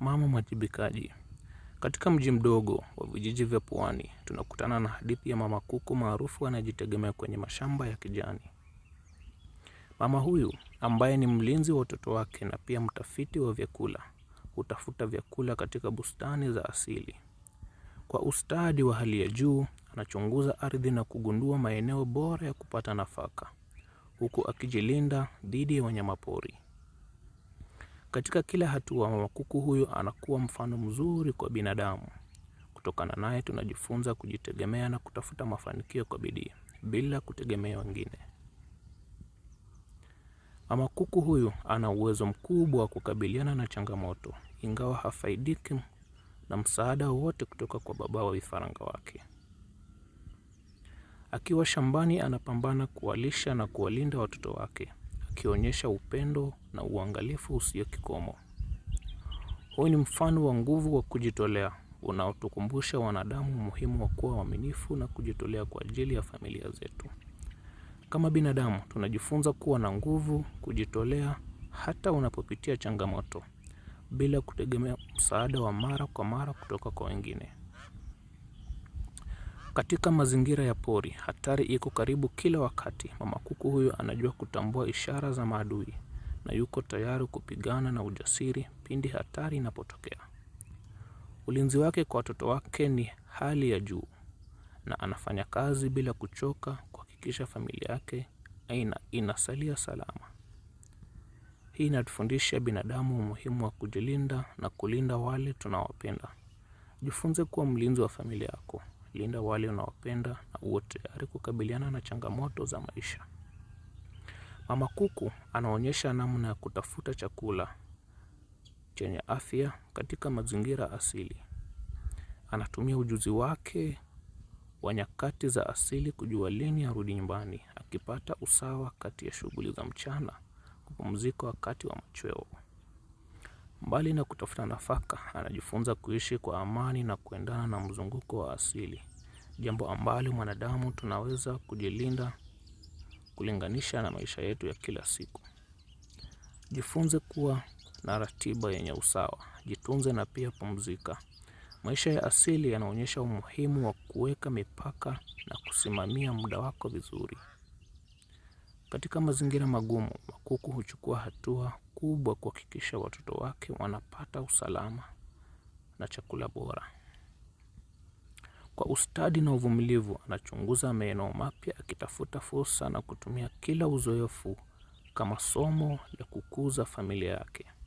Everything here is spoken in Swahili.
Mama Mwajibikaji. Katika mji mdogo wa vijiji vya pwani, tunakutana na hadithi ya mama kuku maarufu anayejitegemea kwenye mashamba ya kijani. Mama huyu ambaye ni mlinzi wa watoto wake na pia mtafiti wa vyakula, hutafuta vyakula katika bustani za asili. Kwa ustadi wa hali ya juu, anachunguza ardhi na kugundua maeneo bora ya kupata nafaka, huku akijilinda dhidi ya wanyamapori. Katika kila hatua, mama kuku huyu anakuwa mfano mzuri kwa binadamu. Kutokana naye tunajifunza kujitegemea na kutafuta mafanikio kwa bidii bila kutegemea wengine. Mama kuku huyu ana uwezo mkubwa wa kukabiliana na changamoto, ingawa hafaidiki na msaada wowote kutoka kwa baba wa vifaranga wake. Akiwa shambani, anapambana kuwalisha na kuwalinda watoto wake ukionyesha upendo na uangalifu usio kikomo. Huu ni mfano wa nguvu wa kujitolea unaotukumbusha wanadamu umuhimu wa kuwa waaminifu na kujitolea kwa ajili ya familia zetu. Kama binadamu, tunajifunza kuwa na nguvu, kujitolea hata unapopitia changamoto, bila kutegemea msaada wa mara kwa mara kutoka kwa wengine. Katika mazingira ya pori, hatari iko karibu kila wakati. Mama kuku huyu anajua kutambua ishara za maadui na yuko tayari kupigana na ujasiri pindi hatari inapotokea. Ulinzi wake kwa watoto wake ni hali ya juu na anafanya kazi bila kuchoka kuhakikisha familia yake aina inasalia salama. Hii inatufundisha binadamu umuhimu wa kujilinda na kulinda wale tunawapenda. Jifunze kuwa mlinzi wa familia yako linda wale unaopenda na uwe tayari kukabiliana na changamoto za maisha. Mama kuku anaonyesha namna ya kutafuta chakula chenye afya katika mazingira asili. Anatumia ujuzi wake wa nyakati za asili kujua lini arudi nyumbani, akipata usawa kati ya shughuli za mchana, kupumzika wakati wa machweo. Mbali na kutafuta nafaka, anajifunza kuishi kwa amani na kuendana na mzunguko wa asili, jambo ambalo mwanadamu tunaweza kujilinda kulinganisha na maisha yetu ya kila siku. Jifunze kuwa na ratiba yenye usawa, jitunze na pia pumzika. Maisha ya asili yanaonyesha umuhimu wa kuweka mipaka na kusimamia muda wako vizuri. Katika mazingira magumu, makuku huchukua hatua kubwa kuhakikisha watoto wake wanapata usalama na chakula bora. Kwa ustadi na uvumilivu, anachunguza maeneo mapya akitafuta fursa na kutumia kila uzoefu kama somo la kukuza familia yake.